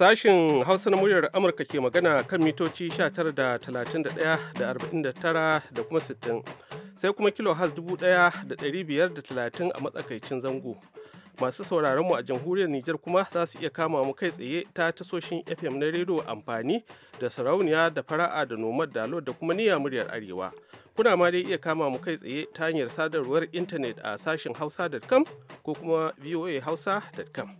Sashen Hausa na muryar Amurka ke magana kan mitoci 19 da da da kuma 60 sai kuma kilo has 1530 a matsakaicin zango. Masu sauraron mu a jamhuriyar Nijar kuma za su iya kama mu kai tsaye ta tasoshin FM na rediyo amfani da sarauniya da fara'a da nomad dalo da kuma niyya muryar arewa. Kuna ma dai iya kama mu kai tsaye ta hanyar sadarwar intanet a sashen hausa.com ko kuma voahausa.com.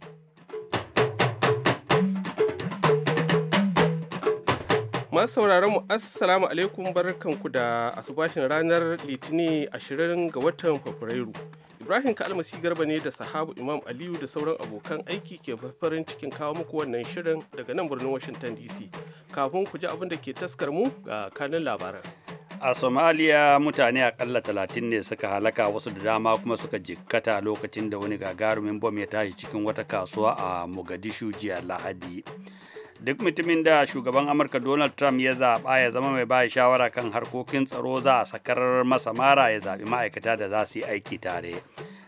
Masu sauraron mu assalamu alaikum barkanku da asubashin ranar litini 20 ga watan Fabrairu. Ibrahim Kalmasi Garba ne da sahabu Imam Aliyu da sauran abokan aiki ke farin cikin kawo muku wannan shirin daga nan birnin Washington DC. Kafin ku ji abin da ke taskar mu ga kanun labaran. a somaliya mutane akalla talatin ne suka halaka wasu da dama kuma suka jikkata lokacin da wani gagarumin bom ya tashi cikin wata kasuwa a mogadishu jiya lahadi duk mutumin da shugaban amurka donald trump ya zaɓa ya zama mai baya shawara kan harkokin tsaro za a sakarar masa mara ya zaɓi ma'aikata da za su yi aiki tare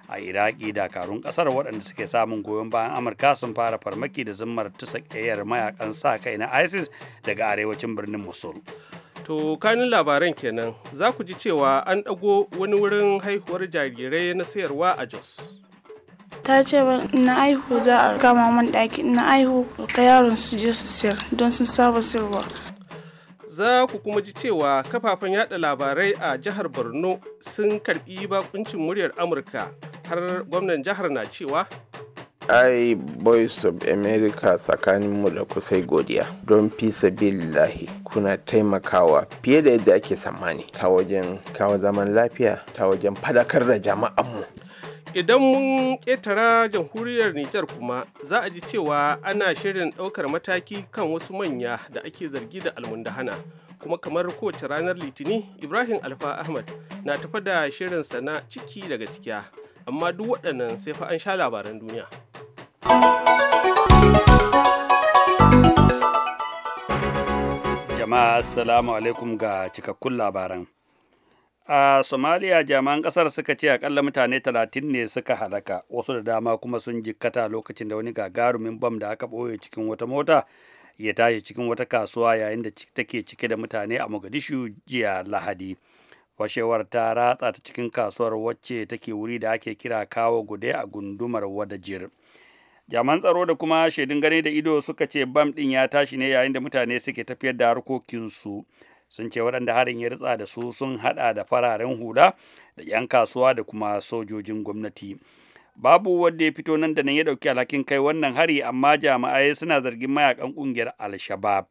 a iraki dakarun ƙasar waɗanda suke samun goyon bayan amurka sun fara farmaki da zimmar tusa mayakan sa kai na isis daga arewacin birnin mosul to kanin labaran kenan za ku ji cewa an ɗago wani wurin haihuwar jarirai na sayarwa a jos ta ce ba na aihu za a kama man ɗaki na aihu ka yaron su je su sayar don sun saba siyarwa za ku kuma ji cewa kafafen yada labarai a jihar borno sun karbi bakuncin muryar amurka har gwamnan jihar na cewa ai boys of america tsakaninmu da kusai godiya don fisa kuna taimakawa fiye da yadda ake tsammani ta wajen kawo zaman lafiya ta wajen fadakar da jama'anmu Idan mun ƙetara jamhuriyar Nijar kuma za a ji cewa ana shirin ɗaukar mataki kan wasu manya da ake zargi da almundahana. Kuma kamar kowace ranar Litini, Ibrahim Alfa Ahmad na tafa da shirin sana ciki da gaskiya. Amma duk waɗannan sai fa an sha labaran duniya. Jama'a Assalamu alaikum ga cikakkun labaran. a somaliya jami'an kasar suka ce akalla mutane 30 ne suka halaka wasu da dama kuma sun jikkata lokacin da wani gagarumin bam da aka boye cikin wata mota ya tashi cikin wata kasuwa yayin da take cike da mutane a mogadishu jiya lahadi fashewar ta ratsa ta cikin kasuwar wacce take wuri da ake kira kawo gude a gundumar wadajir jaman tsaro da kuma shaidun gani da ido suka ce bam din ya tashi ne yayin da mutane suke tafiyar da harkokinsu sun ce waɗanda harin ya ritsa da su sun haɗa da fararen hula da 'yan kasuwa da kuma sojojin gwamnati babu wanda ya fito nan da nan ya ɗauki alhakin kai wannan hari amma jama'ai suna zargin mayakan ƙungiyar al-shabab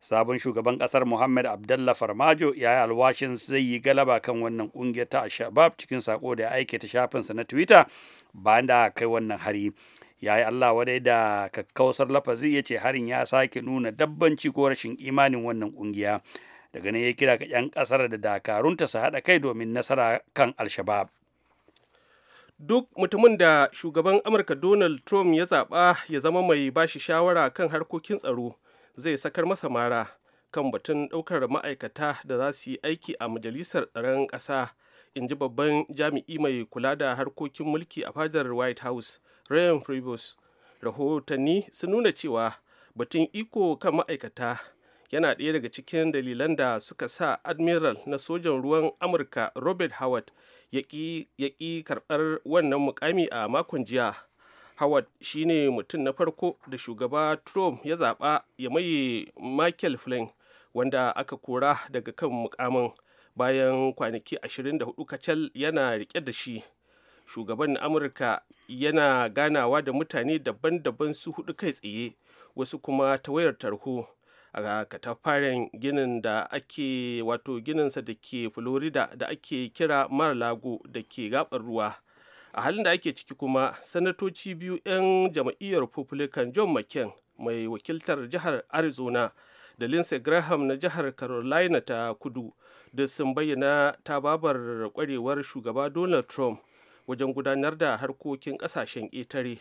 sabon shugaban ƙasar muhammad abdalla farmajo ya yi alwashin zai yi galaba kan wannan ƙungiyar ta al-shabab cikin sako da ya aike ta shafinsa na twitter bayan da kai wannan hari ya yi Allah wadai da kakkausar lafazi ya ce harin ya sake nuna dabbanci ko rashin imanin wannan ƙungiya. daga nan ya kira ga 'yan ƙasar da dakarunta su haɗa kai domin nasara kan alshabab duk mutumin da shugaban amurka donald trump ya zaɓa ya zama mai bashi shawara kan harkokin tsaro zai sakar masa mara kan batun ɗaukar ma'aikata da za su yi aiki a majalisar tsaron ƙasa in ji babban jami'i mai kula da harkokin mulki a fadar white house ryan Priebus. rahotanni sun nuna cewa batun iko kan ma'aikata yana ɗaya daga cikin dalilan da suka sa admiral na sojan ruwan amurka robert howard ya ƙi karɓar wannan mukami a makon jiya howard shine mutum na farko da shugaba trump ya zaɓa ya maye michael flynn wanda aka kora daga kan mukamin bayan kwanaki 24 kacal yana riƙe da shi shugaban amurka yana ganawa da mutane daban-daban su hudu kai tsaye wasu kuma ta wayar tarho a katafaren ginin da ake wato gininsa da ke florida da ake kira mar lago da ke gabar ruwa a halin da ake ciki kuma sanatoci biyu 'yan jam'iyyar republican john mccain mai wakiltar jihar arizona da lindsey graham na jihar carolina ta kudu da sun bayyana babar kwarewar shugaba donald trump wajen gudanar da harkokin kasashen ƙetare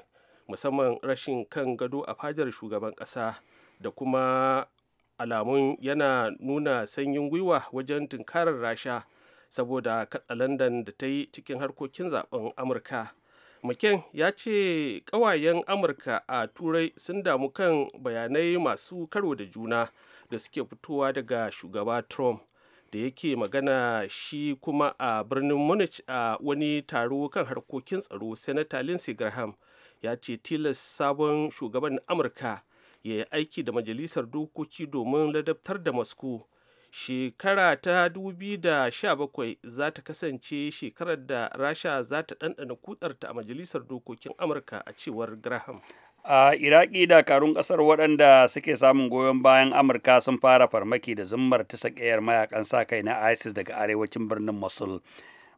musamman rashin kan gado a fadar shugaban ƙasa da kuma alamun yana nuna sanyin gwiwa wajen tunkarar rasha saboda katsalandan da ta yi cikin harkokin zaben amurka mccain ya ce kawayen amurka a turai sun damu kan bayanai masu karo da juna da suke fitowa daga shugaba trump da yake magana shi kuma a birnin munich a wani taro kan harkokin tsaro senator lindsey graham ya ce tilas sabon shugaban amurka ya yi aiki da majalisar dokoki domin ladabtar da masku Shekara ta 2017 za ta kasance shekarar da Rasha za ta ɗanɗana kutsarta a majalisar dokokin Amurka a cewar Graham. a iraki dakarun kasar waɗanda suke samun goyon bayan amurka sun fara farmaki da zummar ta sakayar mayakan sa kai na isis daga arewacin birnin mosul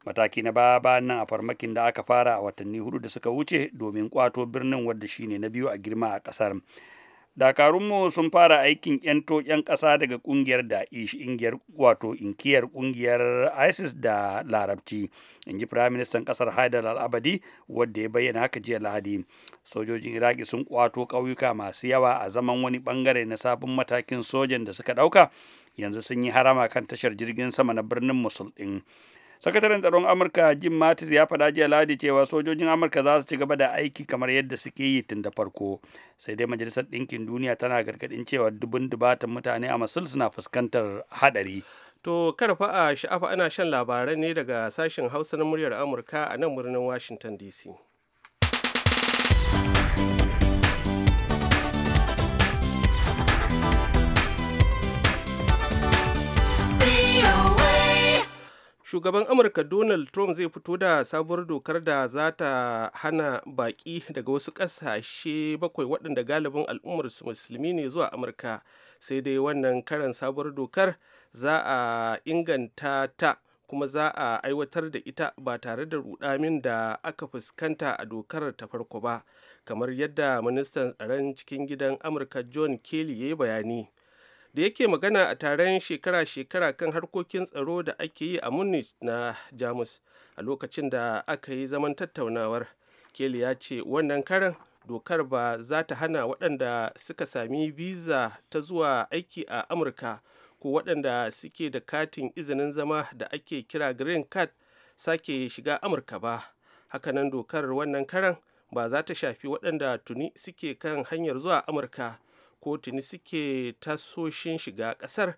mataki na baya bayan nan a farmakin da aka fara a watanni hudu da suka wuce domin kwato birnin wadda shine na biyu a girma a kasar dakarunmu sun fara aikin 'yan 'yan ƙasa daga ƙungiyar da'ish ingiyar wato inkiyar ƙungiyar isis da larabci in ji firaministan ƙasar haidar al'abadi wadda ya bayyana haka jiya lahadi sojojin iraki sun kwato ƙauyuka masu yawa a zaman wani ɓangare na sabon matakin sojan da suka ɗauka yanzu sun yi harama kan tashar jirgin sama na birnin musul ɗin sakataren tsaron amurka jim mattis ya faɗa jiya ladi cewa sojojin amurka za su ci gaba da aiki kamar yadda suke yi tun da farko sai dai majalisar ɗinkin duniya tana gargaɗin cewa dubun dubatan mutane a masul suna fuskantar haɗari to karfa a sha'afa ana shan labarai ne daga sashen hausa na muryar amurka a nan birnin washington dc shugaban amurka donald trump zai fito da sabuwar dokar da za ta hana baki daga wasu ƙasashe bakwai waɗanda galibin al'ummarsu musulmi ne zuwa amurka sai dai wannan karan sabuwar dokar za a inganta ta kuma za a aiwatar da ita ba tare da rudamin da aka fuskanta a dokar ta farko ba kamar yadda ministan tsaron cikin gidan amurka john kelly ya yi bayani da yake magana a taron shekara-shekara kan harkokin tsaro da ake yi a munich na jamus a lokacin da aka yi zaman tattaunawar keli ya ce wannan karan dokar ba za ta hana waɗanda suka sami biza ta zuwa aiki a amurka ko waɗanda suke da katin izinin zama da ake kira green card sake shiga amurka ba hakanan dokar wannan karan ba za ta shafi waɗanda tuni suke kan hanyar zuwa amurka kotuni suke tasoshin shiga kasar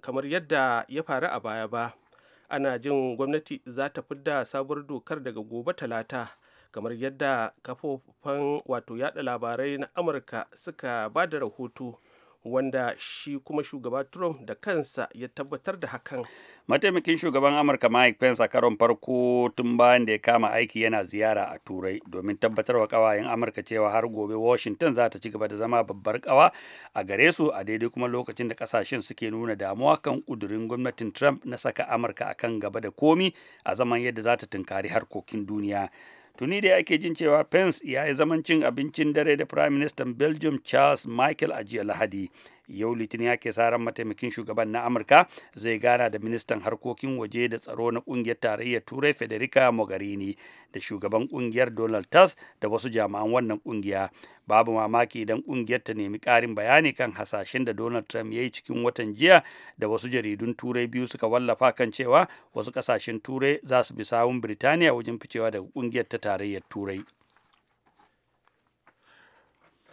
kamar yadda ya faru a baya ba ana jin gwamnati za ta fidda sabuwar dokar daga gobe talata kamar yadda kafofin wato yada labarai na amurka suka ba da rahoto wanda shi kuma shugaba Trump da kansa ya tabbatar da hakan. Mataimakin shugaban Amurka Mike Pence a karon farko tun bayan da ya kama aiki yana ziyara a Turai domin tabbatar wa kawayen Amurka cewa har gobe Washington za ta ci gaba da zama babbar kawa a gare su a daidai kuma lokacin da kasashen suke nuna damuwa kan kudurin gwamnatin Trump na saka Amurka akan gaba da komi a zaman yadda za ta tunkari harkokin duniya. tuni da ake jin cewa pence ya yi zaman cin abincin dare da prime minister belgium charles michael a jiya lahadi yau litinin ya ke mataimakin shugaban na amurka zai gana da ministan harkokin waje da tsaro na kungiyar tarayyar turai federica mogherini da shugaban kungiyar donald tusk da wasu jami'an wannan kungiya babu mamaki idan kungiyar ta nemi karin bayani kan hasashen da donald trump ya yi cikin watan jiya da wasu jaridun turai biyu suka wallafa kan cewa wasu kasashen turai za su bi sawun birtaniya wajen ficewa daga kungiyar ta tarayyar turai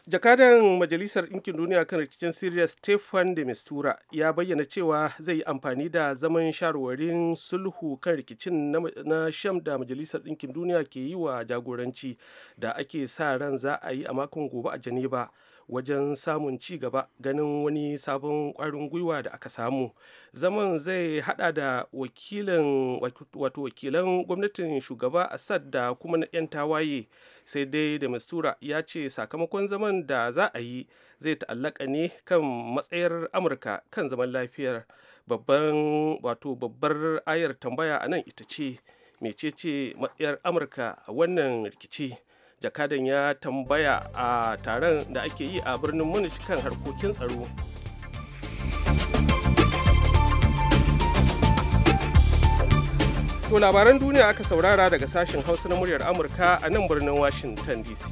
jakadan majalisar ɗinkin duniya kan rikicin siriya stefan de mistura ya bayyana cewa zai yi amfani da zaman shawarwarin sulhu kan rikicin na sham da majalisar ɗinkin duniya ke yi wa jagoranci da ake sa ran za a yi a makon gobe a geneva wajen samun ci gaba ganin wani sabon kwarin gwiwa da aka samu zaman zai hada da wakilan wato wakilan gwamnatin shugaba assad da kuma na 'yan tawaye sai dai da mistura ya ce sakamakon zaman da za a yi zai ta'allaka ne kan matsayar amurka kan zaman lafiyar babban wato babbar ayar tambaya a nan ita ce mecece matsayar amurka a wannan rikici jakadan ya tambaya a taron da ake yi a birnin munich kan harkokin tsaro To labaran duniya aka saurara daga sashen Hausa na muryar Amurka a nan birnin Washington DC.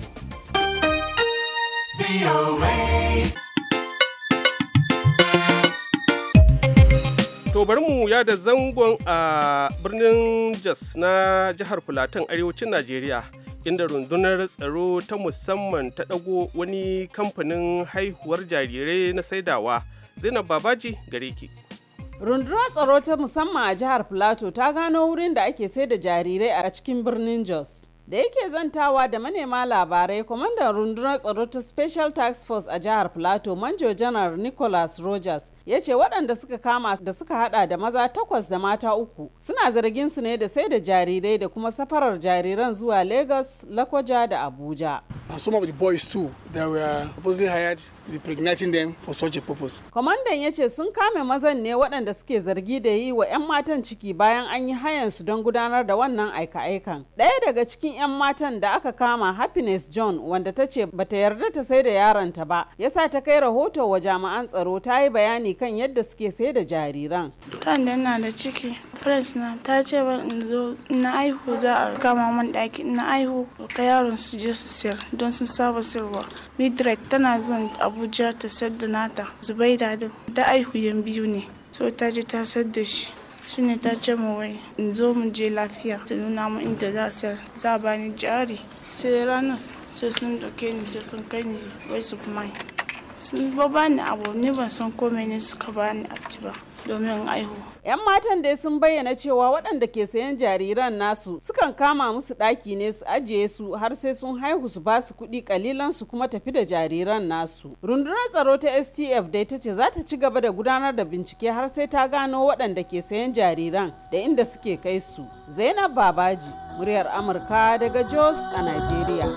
To bari mu ya da zangon a birnin Jos na jihar Fulatan arewacin Najeriya. inda rundunar tsaro ta musamman ta ɗago wani kamfanin haihuwar jarirai na saidawa zainab babaji gare ki rundunar tsaro ta musamman a jihar plateau ta gano wurin da ake sai da jarirai a cikin birnin jos da yake zantawa da manema labarai kwamandan rundunar tsaro ta special task force a jihar plateau manjo janar nicholas rogers ya ce waɗanda suka kama da suka hada da maza takwas da mata uku suna zargin su ne da sai da jarirai da kuma safarar jariran zuwa lagos lakwaja da abuja some of the boys too that were supposedly hired to be them for such purpose. Kwamandan ya ce sun kame mazan ne waɗanda suke zargi da yi wa 'yan matan ciki bayan an yi hayan su don gudanar da wannan aika-aikan. Ɗaya daga cikin cikin 'yan matan da aka kama Happiness John wanda ta ce bata yarda ta sai da yaronta ba, ya sa ta kai rahoto wa jami'an tsaro ta yi bayani kan yadda suke sai da jariran. Tan da na da ciki, friends na ta ce ba in zo na aihu za a kama man ɗaki na aihu ka yaron su je su sayar don sun saba sayarwa. Midrite tana zuwa Abuja ta sayar da nata, Zubaida din ta aihu yan biyu ne. So ta je ta sayar da shi. shine ta ce mu wai in zo mu je lafiya ta nuna mu inda za a sayar za bani jari sai ranar sai sun doke ni sai sun kai ni wai su sun ba bani abu ne ban san komai ne suka bani abci ba domin aihu. 'Yan matan dai sun bayyana cewa waɗanda ke sayan jariran nasu sukan kama musu ɗaki ne su ajiye su har sai sun haihu su ba su kuɗi kalilan su kuma tafi da jariran nasu. Rundunar tsaro ta STF dai ta ce za ta ci gaba da gudanar da bincike har sai ta gano waɗanda ke sayan jariran da inda suke kai su. Zainab Babaji, muryar Amurka daga Jos a Najeriya.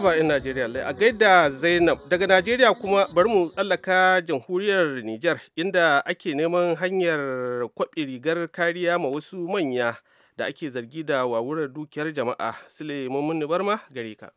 ba in Najeriya a gaida Zainab daga Najeriya kuma bari mu tsallaka jamhuriyar Nijar inda ake neman hanyar kwaɓe rigar kariya ma wasu manya da ake zargi da wawurar dukiyar jama'a. Sule Mummuni Barma gare ka.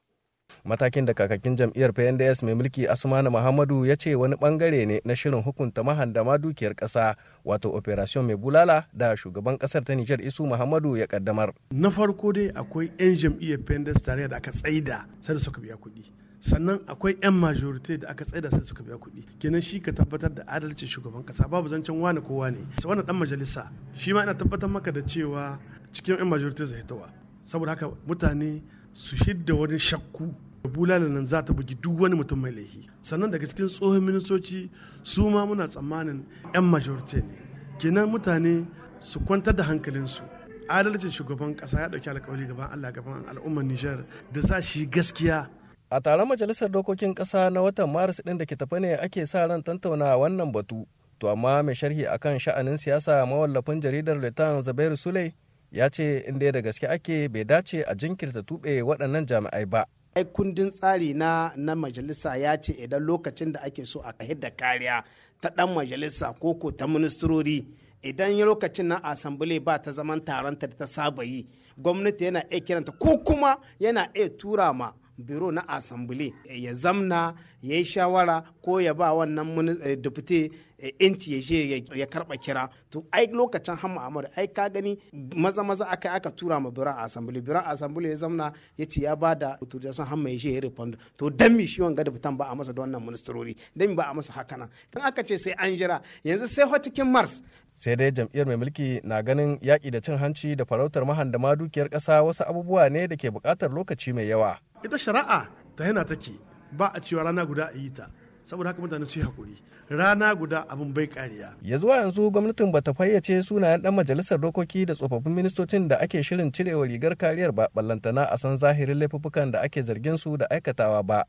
matakin da kakakin jam'iyyar pnds mai mulki asmanu muhammadu ya ce wani bangare ne na shirin hukunta mahandama dukiyar kasa wato operation mai bulala da shugaban kasar ta nijar isu muhammadu ya kaddamar na farko dai akwai 'yan jam'iyyar pnds tare da aka tsaida sai da suka biya kuɗi sannan akwai 'yan majority da aka tsaida sai suka biya kuɗi kenan shi ka tabbatar da adalci shugaban kasa babu zancen wani ko wani wannan dan majalisa shi ma ina tabbatar maka da cewa cikin 'yan majorite zai hitowa saboda haka mutane su hidda wani shakku da bula da nan za ta bugi duk wani mutum mai laifi sannan daga cikin tsohon ministoci su ma muna tsammanin 'yan majority ne kenan mutane su kwantar da hankalinsu adalcin shugaban kasa ya dauki alkawari gaban allah gaban al'ummar nijar da sa shi gaskiya a taron majalisar dokokin kasa na watan maris din da ke tafi ne ake sa ran tantauna wannan batu to amma mai sharhi akan sha'anin siyasa mawallafin jaridar letan zabairu sule ya ce inda da gaske ake bai dace a jinkirta tube waɗannan jami'ai ba ai kundin tsari na na majalisa ya ce idan lokacin da ake so a kahir da kariya ta dan majalisa ko ko ta ministrori idan lokacin na asambile ba ta zaman taron ta ta saba yi gwamnati yana iya kiranta ko kuma yana iya tura ma biro na asambili eh, ya zamna ya yi shawara ko ya ba wannan eh, dufite eh, inci ya je ya karba kira to ai lokacin hamma amur ai ka gani maza maza aka aka tura ma biro asambule biro asambule ya zamna ya ce ya ba da autorization hamma ya je ya refund to dan mi shi wanga dufitan ba a masa da wannan ministerori dan ba a masa haka nan dan aka ce sai an jira yanzu sai ho cikin mars sai dai jam'iyyar mai mulki na ganin yaƙi da cin hanci da farautar mahandama dukiyar ƙasa wasu abubuwa ne da ke buƙatar lokaci mai yawa ita shari'a ta yana take ba a cewa rana guda a yi ta saboda haka mutane su yi hakuri rana guda abin bai kariya ya zuwa yanzu gwamnatin bata fayyace sunayen dan majalisar dokoki da tsofaffin ministocin da ake shirin cirewa rigar kariyar ba ballantana a san zahirin laifuffukan da ake zargin su da aikatawa ba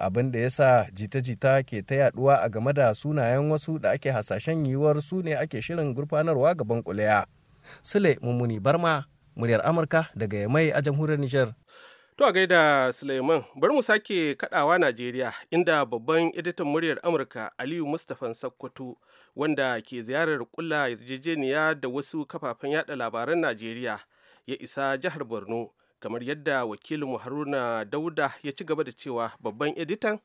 abin da yasa jita-jita ke ta yaduwa a game da sunayen wasu da ake hasashen yiwuwar su ne ake shirin gurfanarwa gaban kuleya sule mummuni barma muryar amurka daga yamai a jamhuriyar nijar To a gaida Suleiman, bari mu sake kadawa Najeriya inda babban editan muryar Amurka Aliyu Mustapha Sakkwato wanda ke ziyarar kula yarjejeniya da wasu kafafen yada labaran Najeriya ya isa jihar Borno kamar yadda wakilin Haruna Dauda ya ci gaba da cewa babban editan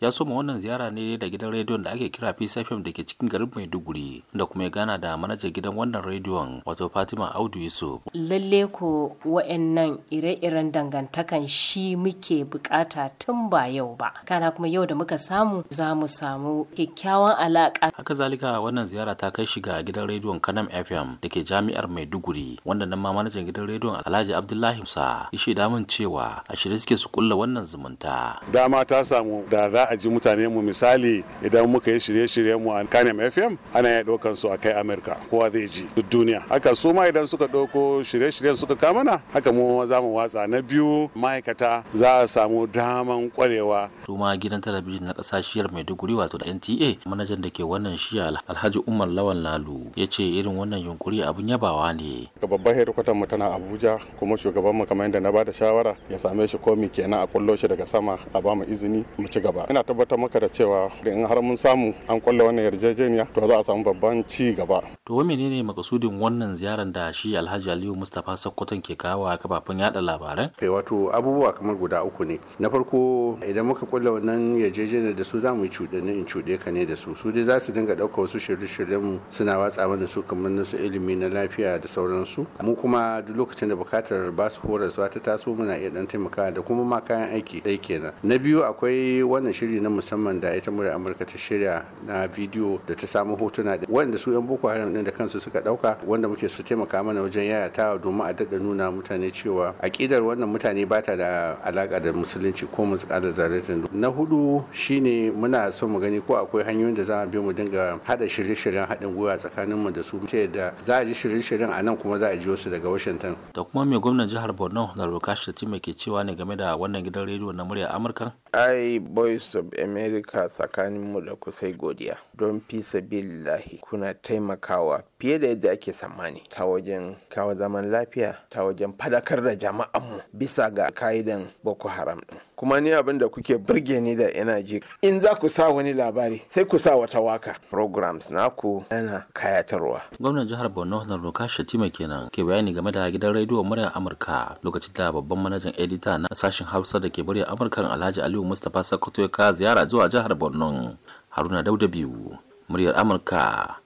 ya soma wannan ziyara ne da gidan rediyon da ake kira Peace da ke cikin garin Maiduguri da kuma ya gana da manajan gidan wannan rediyon wato Fatima Audu Yusuf. Lalle ko wa'annan ire-iren dangantakan shi muke bukata tun ba yau ba. Kana kuma yau da muka samu za mu samu kyakkyawan alaka. Haka zalika wannan ziyara ta kai shi ga gidan rediyon Kanam FM da ke jami'ar Maiduguri wanda nan ma manajan gidan rediyon Alhaji Abdullahi Musa ya shaida cewa a shirye suke su kulla wannan zumunta. Dama ta samu da a ji mutane mu misali idan muka yi shirye-shiryen mu a kanem fm ana ya ɗaukan su a kai amerika kowa zai ji duk duniya haka su ma idan suka ɗauko shirye-shiryen suka kamana haka mu za mu watsa na biyu ma'aikata za a samu daman kwarewa su ma gidan talabijin na ƙasa shiyar duguri wato da nta manajan da ke wannan shiya alhaji umar lawal lalu ya ce irin wannan yunkuri abin yabawa ne babban hedikwatar mu tana abuja kuma shugaban mu kamar yadda na bada shawara ya same shi komi kenan a kullo shi daga sama a bamu izini mu ci gaba ina tabbatar maka da cewa da in har mun samu an kwalla wannan yarjejeniya to za a samu babban ci gaba to menene makasudin wannan ziyarar da shi Alhaji Aliyu Mustapha Sokoton ke kawo a kafafen yada labaran kai eh, wato abubuwa kamar guda uku ne na farko idan muka kwalla wannan yarjejeniya da su za mu cuɗe ne in cuɗe ka ne da su su dai za su dinga ɗaukar wasu shirye-shiryen mu suna watsa mana su kamar na su ilimi na lafiya da sauransu mu kuma duk lokacin da bukatar ba su horaswa ta taso muna iya dan taimakawa da kuma ma kayan aiki ɗai kenan na biyu akwai wannan shirye shiri na musamman da ita murya amurka ta shirya na bidiyo da ta samu hotuna da wanda su yan boko haram din da kansu suka dauka wanda muke su taimaka mana wajen yayata domin a daɗa nuna mutane cewa aƙidar wannan mutane ba ta da alaka da musulunci ko musulunci zaratin na hudu shine muna so mu gani ko akwai hanyoyin da za a bi mu dinga hada shirye-shiryen haɗin gwiwa tsakanin mu da su ta yadda za a ji shirye-shiryen a nan kuma za a ji wasu daga washington da kuma mai gwamnan jihar borno da lokashi da ke cewa ne game da wannan gidan rediyo na murya amurka ai boys of america tsakaninmu da kusai godiya don fisa billahi kuna taimakawa fiye da yadda ake tsammani ta wajen kawo zaman lafiya ta wajen fadakar da jama'anmu bisa ga ka'idan boko haram din kuma ni abin da kuke burge ni da ina ji in za ku sa wani labari sai ku sa wata waka programs naku yana kayatarwa gwamnan jihar borno na roka mai kenan ke bayani game da gidan rediyon murya amurka lokacin da babban manajan edita na sashen hausa da ke murya amurkan alhaji aliyu mustapha sakoto ya kawo ziyara zuwa jihar borno haruna dauda biyu muryar amurka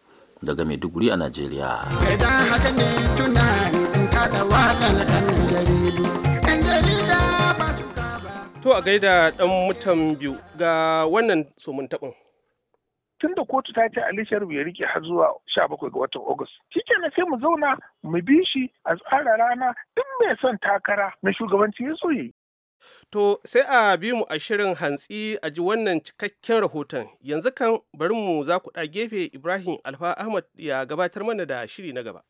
daga maiduguri a najeriya idan haka ne tunani in kada wakan jaridu To a gaida ɗan mutan biyu ga wannan somin taɓin. tun da kotu ta ce Ali ya rike har zuwa 17 ga watan Agus. Shi na sai mu zauna mu bi shi a tsara rana duk mai son takara na shugabanci ya soye. To sai a bi mu a shirin hantsi a ji wannan cikakken rahoton. Yanzu kan bari mu za ku ɗa gefe Ibrahim Alfa Ahmad ya gabatar mana da shiri na gaba.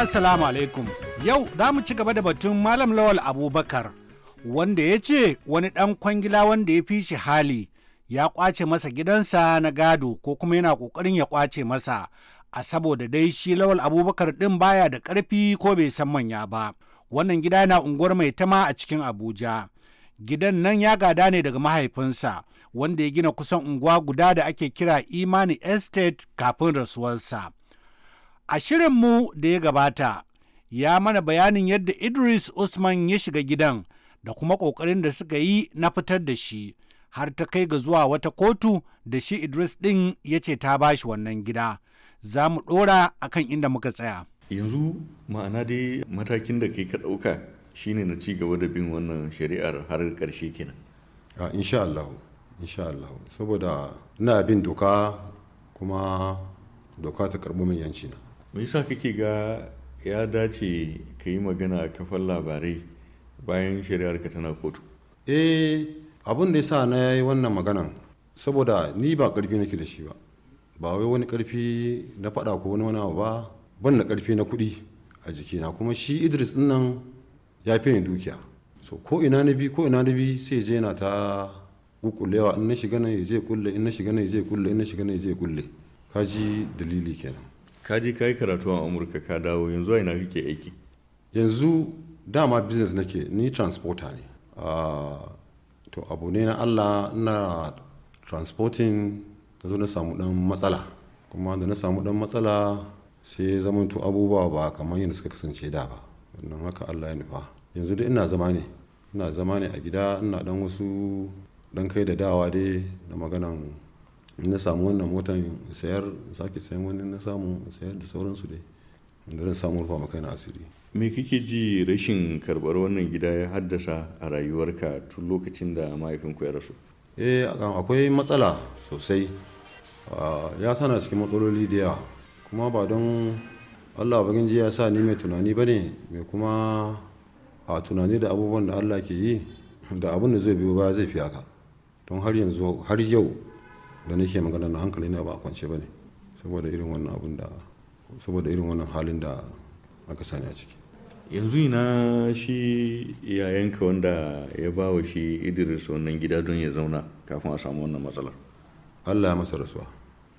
assalamu alaikum yau za mu ci gaba da batun malam lawal abubakar wanda ya ce wani ɗan kwangila wanda ya fi shi hali ya kwace masa gidansa na gado ko kuma yana ƙoƙarin ya kwace masa a saboda dai shi lawal abubakar ɗin baya da ƙarfi ko bai san manya ba wannan gida yana unguwar mai tama a cikin abuja gidan nan ya gada ne daga mahaifinsa wanda ya gina kusan unguwa guda da ake kira imani estate kafin rasuwarsa A shirinmu da ya gabata, ya mana bayanin yadda Idris Usman ya shiga gidan da kuma ƙoƙarin da suka yi na fitar da shi, har ta kai ga zuwa wata kotu da shi Idris ɗin ya ce ta ba shi wannan gida. Za mu ɗora a kan inda muka tsaya. Yanzu ma'ana dai matakin da kai ka ɗauka shine na ci gaba da bin wannan shari'ar har ƙarshe kenan. A insha Allah, insha Allah, saboda ina bin doka kuma doka ta karɓo min yanci na. me sa kake ga ya dace ka yi magana a kafan labarai bayan shari'arka tana kotu eh abin da ya sa na yi wannan maganan saboda ni ba karfi nake da shi ba ba wai wani karfi na faɗa ko wani wani ba ban da karfi na kuɗi a jikina kuma shi idris din nan ya fi ni dukiya so ko ina na bi ko ina na bi sai je na ta gukulewa in na shiga nan ya je kulle in na shiga nan ya je kulle in na shiga nan ya je kulle kaji dalili kenan ka je ka karatu a amurka ka dawo yanzu ina kake aiki yanzu dama business nake ni transporter ne ah, to abu ne na allah na transporting da na samu dan matsala kuma da na samu dan matsala sai zamanto abubuwa ba kamar yadda suka kasance da ba wannan haka allah ya nufa yanzu duk ina zama ne ina zama ne a gida ina dan wasu dan kai da dawa dai da maganan na samu wannan motan sayar sake sayan wani na samu sayar da sauransu dai wanda zan samu rufa maka na asiri me kake ji rashin karbar wannan gida ya haddasa a rayuwarka tun lokacin da mahaifinku ya rasu eh akwai matsala sosai ah, ya sana cikin matsaloli da yawa kuma ba don allah bagin ji ya sa ni mai tunani ba ne mai kuma a ah, tunani da abubuwan da allah ke yi da abin da zai biyo ba zai fi haka don har yanzu har yau da nake magana na hankali na ba a kwance ba ne saboda irin wannan halin da aka sani a ciki yanzu ina shi iyayenka wanda ya ba wa shi idris wannan gida don ya zauna kafin a samu wannan matsalar allah ya masa rasuwa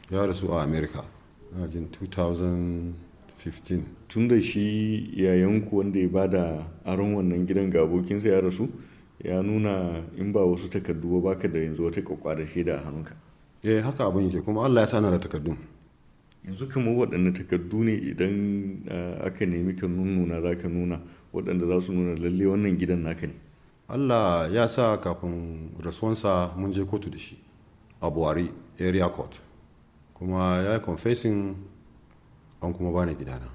ya rasu a america na jin 2015 tun da shi iyayenku wanda ya ba da aron wannan gidan ga abokinsa ya rasu ya nuna in ba wasu takardu ba baka da yanzu wata kwakwa da shaida a hannunka eh haka abin yake kuma Allah ya sa da takardun yanzu kamar waɗanne takardu ne idan aka nemi ka nuna za ka nuna waɗanda za su nuna lalle wannan gidan naka ne Allah ya sa kafin rasuwansa mun je kotu da shi a buhari area court kuma ya yi confessing an kuma bani gidana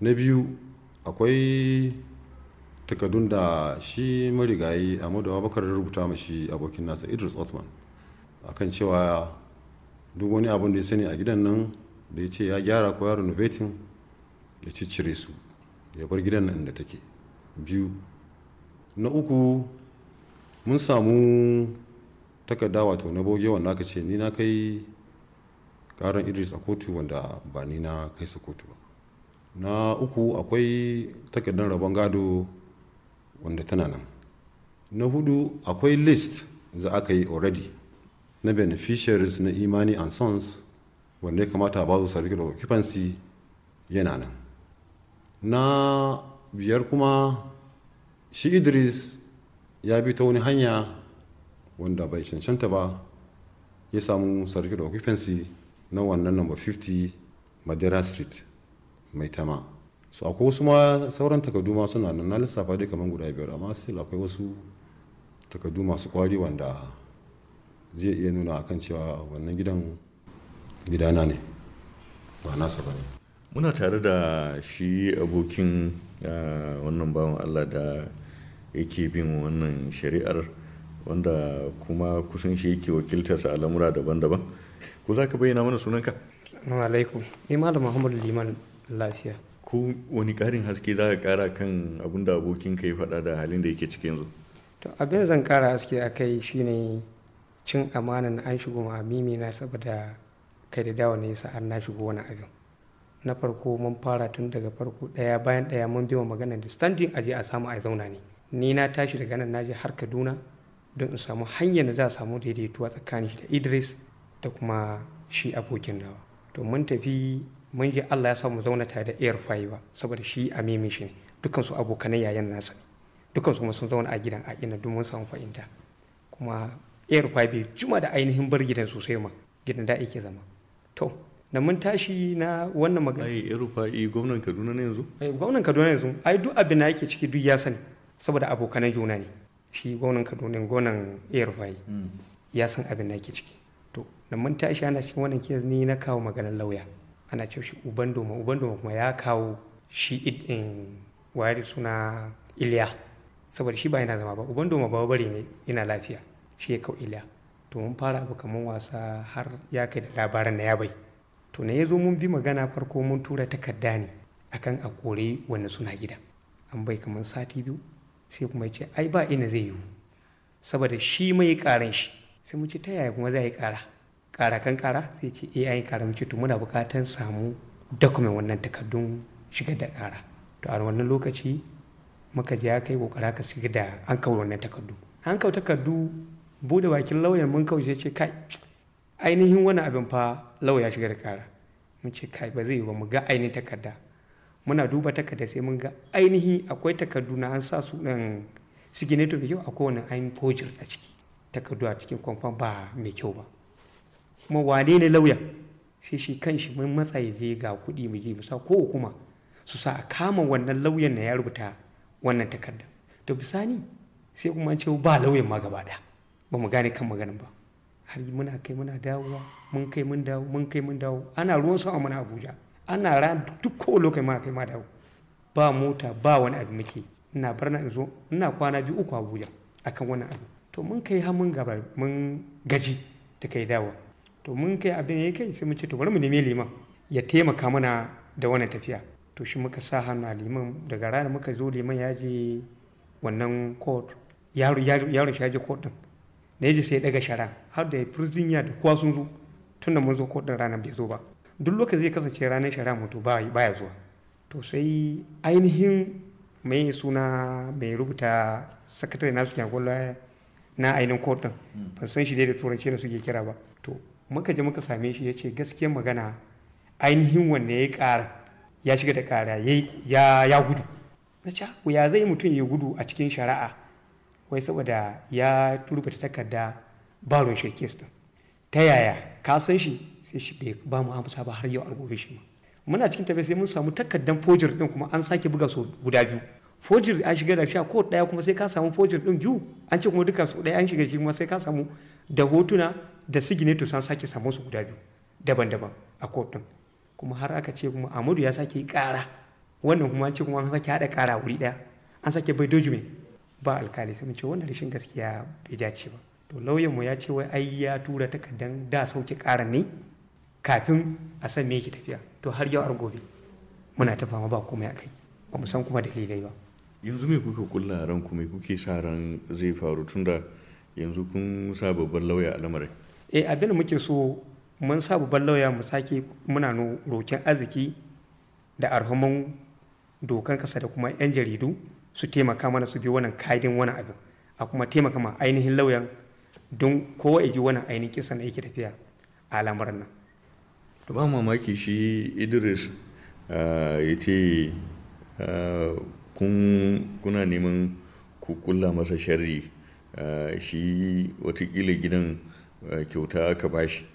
na biyu akwai takardun da shi marigayi amadu abakar rubuta mashi abokin nasa idris othman akan cewa duk wani abin da ya sani a gidan nan da ya ce ya gyara ko ya renovating ya ciccire su ya bar gidan nan da take biyu na uku mun samu takarda wato na boge wanda aka ce ni na kai karan idris a kotu wanda ba ni na kai sa kotu ba na uku akwai takardar rabon gado wanda tana nan na hudu akwai list za aka yi already na beneficiaries na imani and sons wanda ya kamata a basu sarki da occupancy yana nan na biyar kuma shi idris ya bi ta wani hanya wanda bai cancanta ba ya samu sarki da occupancy na wannan number 50 madera street mai tama so akwai wasu ma sauran takardu masu suna nan na lissafa dai kamar guda biyar amma sai akwai wasu takardu masu kwari wanda zai iya nuna a kan cewa wannan gidan gidana ne ba nasa ba ne muna tare da shi abokin ah, wannan bawan allah da yake bin wannan shari'ar wanda kuma kusan shi yake wakiltarsa a lamura daban-daban ko za ka bayyana mana sunanka alaikum ni malam muhammad liman lafiya ko wani karin haske za ka kara kan abin da ka ya faɗa da halin da yake ciki yanzu to abin zan kara haske a kai shine cin amana na an shigo ma na saboda kai da dawa ne yasa an na shigo wani abin na farko mun fara tun daga farko daya bayan daya mun biyo magana da standing aje a samu a zauna ne ni na tashi daga nan naje har kaduna don in samu hanyar da za a samu daidaituwa tsakanin shi da idris da kuma shi abokin nawa to mun tafi mun je allah ya samu zauna tare da air fiber saboda shi a mimi shi ne su abokanai yayan nasa dukkan su kuma sun zauna a gidan a ina domin samu fa'inta kuma air bai juma da ainihin bar gidan sosai ma gidan da ake zama to na mun tashi na wannan magana ai air fabi gwamnan Kaduna ne yanzu ai eh, gwamnan Kaduna yanzu ai duk abin da yake ciki duk ya sani saboda abokanan juna ne shi gwamnan Kaduna gwamnan air fabi hmm. ya san abin da yake ciki to na mun tashi ana cikin wannan kes ni na kawo maganar lauya ana ce shi uban doma uban doma kuma ya kawo shi idin wari suna iliya saboda shi ba yana zama ba uban doma ba bare ne yana lafiya shi ya kawo iliya to mun fara abu kamar wasa har ya kai da labaran na ya bai to na ya zo mun bi magana farko mun tura takarda ne akan a kore wanda suna gida an bai kamar sati biyu sai kuma ya ce ai ba ina zai yiwu saboda shi mai karan shi sai mu ce ta yaya kuma zai yi kara kara kan kara sai ce eh ai kara mu ce to muna bukatar samu dokumen wannan takardun shiga da kara to a wannan lokaci muka je ya kai kokara ka shiga da an kawo wannan takardu an kawo takardu bude bakin lauyan mun kaushe ce kai ainihin wani abin fa lauya shiga da kara mun ce kai ba zai yi ba mu ga ainihin takarda muna duba takarda sai mun ga ainihi akwai takardu na an sa su ɗan sigineto mai kyau a kowane ainihin fojir a ciki takardu a cikin kwamfan ba mai kyau ba kuma wane ne lauya sai shi kan shi mun matsa ya je ga kuɗi mu je sa ko kuma su sa a kama wannan lauyan na ya rubuta wannan takarda to bisani sai kuma an ce ba lauyan ma gaba ɗaya ba mu gane kan maganin ba har yi muna kai muna dawowa mun kai mun dawo mun kai mun dawo ana ruwan sama muna abuja ana ran duk ko lokai ma kai ma dawo ba mota ba wani abu muke ina barna in zo ina kwana biyu uku abuja akan wannan abu to mun kai har mun gaba mun gaji da kai dawo to mun kai abin ya kai sai mu ce to bari mu nemi liman ya taimaka mana da wannan tafiya to shi muka sa hannu a liman daga rana muka zo liman ya je wannan court yaro yaro ya je court din da yaji sai daga shara har da furzinya da kuwa sun zo da mun zo ko ranar bai zo ba duk lokacin zai kasance ranar shara mutu baya zuwa to sai ainihin mai suna mai rubuta sakatare nasu kyakwalwa na ainihin kotun hmm. ban san shi dai da turanci da suke kira ba to muka je muka same shi ya ce gaskiyar magana ainihin wanne ya ƙara ya shiga da ƙara ya gudu na ce ya zai mutum ya gudu a cikin shari'a wai saboda ya turbata takarda ba ruwan shekis din ta yaya ka san shi sai shi bai ba mu amsa ba har yau an gobe shi muna cikin tafiya sai mun samu takardan fojir din kuma an sake buga su guda biyu fojir an shiga da shi a daya kuma sai ka samu fojir din biyu an ce kuma duka su daya an shiga shi kuma sai ka samu da hotuna da signature san sake samu su guda biyu daban-daban a court din kuma har aka ce kuma amadu ya sake kara wannan kuma an ce kuma an sake hada kara wuri daya an sake bai dojume ba alkali sai ce wanda rashin gaskiya bai dace ba to lauyan mu ya ce wai ai ya tura takardan da sauke ƙara ne kafin a san me yake tafiya to har yau argobe gobe muna ta fama ba komai akai ba mu san kuma dalilai ba yanzu me kuka kulla ran kuma kuke sa ran zai faru tunda yanzu kun sa babban lauya a lamarin eh abin da muke so mun sa babban lauya mu sake muna no roken arziki da arhaman dokan kasa da kuma yan jaridu su taimaka mana su bi wannan kaidin wannan abin a kuma taimaka ma ainihin lauyan don kowa ya bi wannan ainihin kisan yake tafiya a lamarin nan to ba mamaki shi idris eh, ya ce eh, kuna neman ku kulla masa sharri eh, shi watakila gidan kyauta aka bashi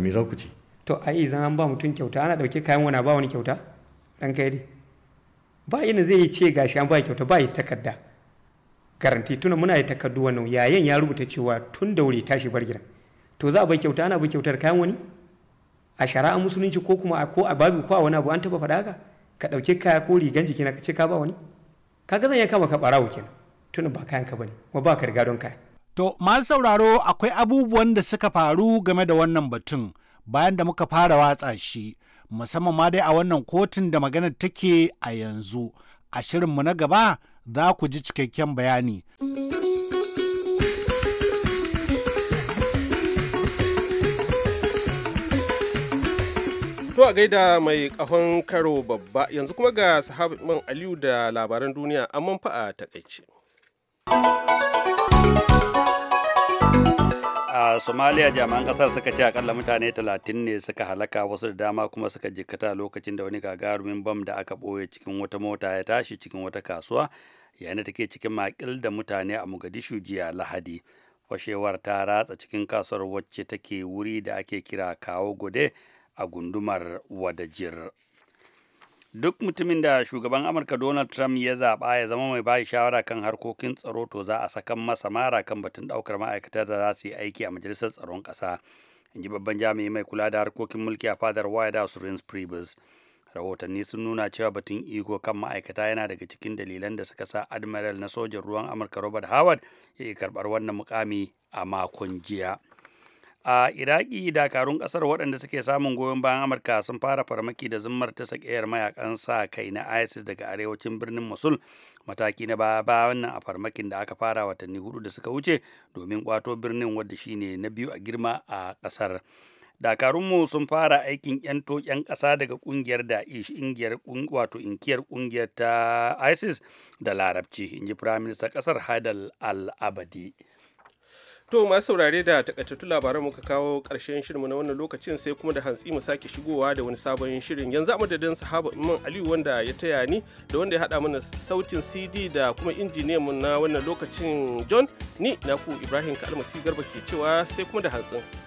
me za ku ce to ai idan an ba mutum kyauta ana dauke kayan wani ba wani kyauta kai yi ba yana zai yi ce gashi an ba kyauta ba ya takarda garanti tuna muna da takardu wannan yayin ya rubuta cewa tun da wuri tashi bar gidan to za a bai kyauta ana bai kyautar kayan wani a shari'a musulunci ko kuma ko a babu ko a wani abu an taba faɗa haka ka ɗauki kaya ko rigan jikina ka ce ka ba wani kaga zan yi kama ka ɓarawo kenan tuna ba kayan ka bane kuma ba ka riga don kaya To masu sauraro akwai abubuwan da suka faru game da wannan batun bayan da muka fara watsa shi musamman ma dai a wannan kotun da magana take a yanzu a mu na gaba za ku ji cikakken bayani. To a gaida mai kahon karo babba yanzu kuma ga sahabin Aliyu da labaran duniya amma fa a takaice. a somaliya jami'an kasar suka ce akalla mutane 30 ne suka halaka wasu da dama kuma suka jikkata lokacin da wani gagarumin bam da aka ɓoye cikin wata mota ya tashi cikin wata kasuwa yayin da take cikin makil da mutane a mogadishu jiya lahadi fashewar ta ratsa cikin kasuwar wacce take wuri da ake kira kawo gode a gundumar wadajir duk mutumin da shugaban amurka donald trump ya zaɓa ya zama mai bayi shawara kan harkokin tsaro to za a sakan masa mara kan batun ɗaukar ma'aikata da za su yi aiki a majalisar tsaron ƙasa in ji babban jami'i mai kula da harkokin mulki a fadar white house rins Priebus. rahotanni sun nuna cewa batun iko kan ma'aikata yana daga cikin dalilan da suka sa admiral na sojan ruwan amurka robert howard ya yi karɓar wannan mukami a makon jiya a iraki dakarun kasar waɗanda suke samun goyon bayan amurka sun fara farmaki da zummar ta sakayar mayakan sa kai na isis daga arewacin birnin mosul mataki na baya bayan wannan a farmakin da aka fara watanni hudu da suka wuce domin kwato birnin wadda shine na biyu a girma a kasar dakarunmu sun fara aikin 'yan toƙen ƙasa daga ƙungiyar da'ish wato inkiyar ƙungiyar ta isis da larabci in ji firaministan ƙasar haidar al-abadi To masu saurare da takaitattun labaran muka kawo ƙarshen shirinmu na wannan lokacin sai kuma da hantsi mu sake shigowa da wani sabon shirin. Yanzu a madadin sahaba Imam Aliyu wanda ya taya ni da wanda ya haɗa mana sautin CD da kuma injiniyan mu na wannan lokacin John ni naku Ibrahim Kalmasi Garba ke cewa sai kuma da hantsin.